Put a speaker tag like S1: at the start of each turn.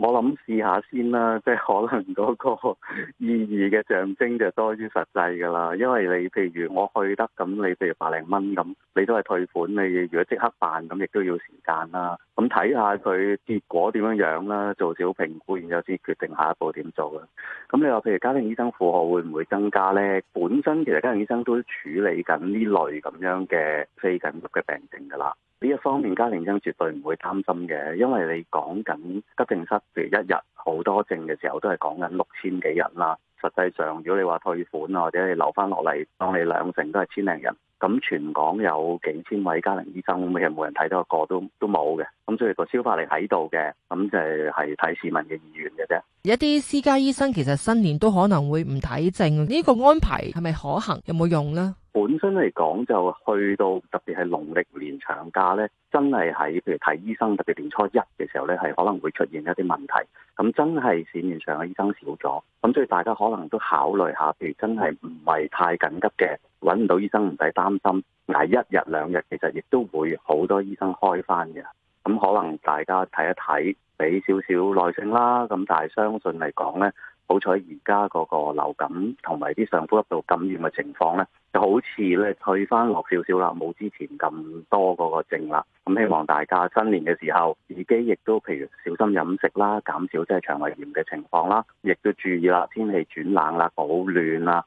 S1: 我諗試下先啦，即係可能嗰個意義嘅象徵就多於實際噶啦，因為你譬如我去得咁，你譬如百零蚊咁，你都係退款。你如果即刻辦咁，亦都要時間啦。咁睇下佢結果點樣樣啦，做少評估，然後先決定下一步點做啦。咁你話譬如家庭醫生負荷會唔會增加呢？本身其實家庭醫生都處理緊呢類咁樣嘅非緊急嘅病症噶啦。呢一方面，家庭醫生絕對唔會擔心嘅，因為你講緊急症室，譬如一日好多症嘅時候，都係講緊六千幾人啦。實際上，如果你話退款啊，或者你留翻落嚟當你兩成都係千零人，咁全港有幾千位家庭醫生，咁其實冇人睇到一個都都冇嘅。咁所以個消化力喺度嘅，咁就係睇市民嘅意願嘅啫。一啲私家醫生其實新年都可能會唔睇症，呢個安排係咪可行，有冇用呢？本身嚟講就去到特別係農曆年長假呢，真係喺譬如睇醫生，特別年初一嘅時候呢，係可能會出現一啲問題。咁真係市面上嘅醫生少咗，咁所以大家可能都考慮下，譬如真係唔係太緊急嘅，揾唔到醫生唔使擔心，捱一日兩日其實亦都會好多醫生開返嘅。咁可能大家睇一睇，俾少少耐性啦。咁但係相信嚟講呢。好彩而家嗰個流感同埋啲上呼吸道感染嘅情況呢，就好似呢退翻落少少啦，冇之前咁多嗰個症啦。咁希望大家新年嘅時候，自己亦都譬如小心飲食啦，減少即係腸胃炎嘅情況啦，亦都注意啦，天氣轉冷啦，保暖啦。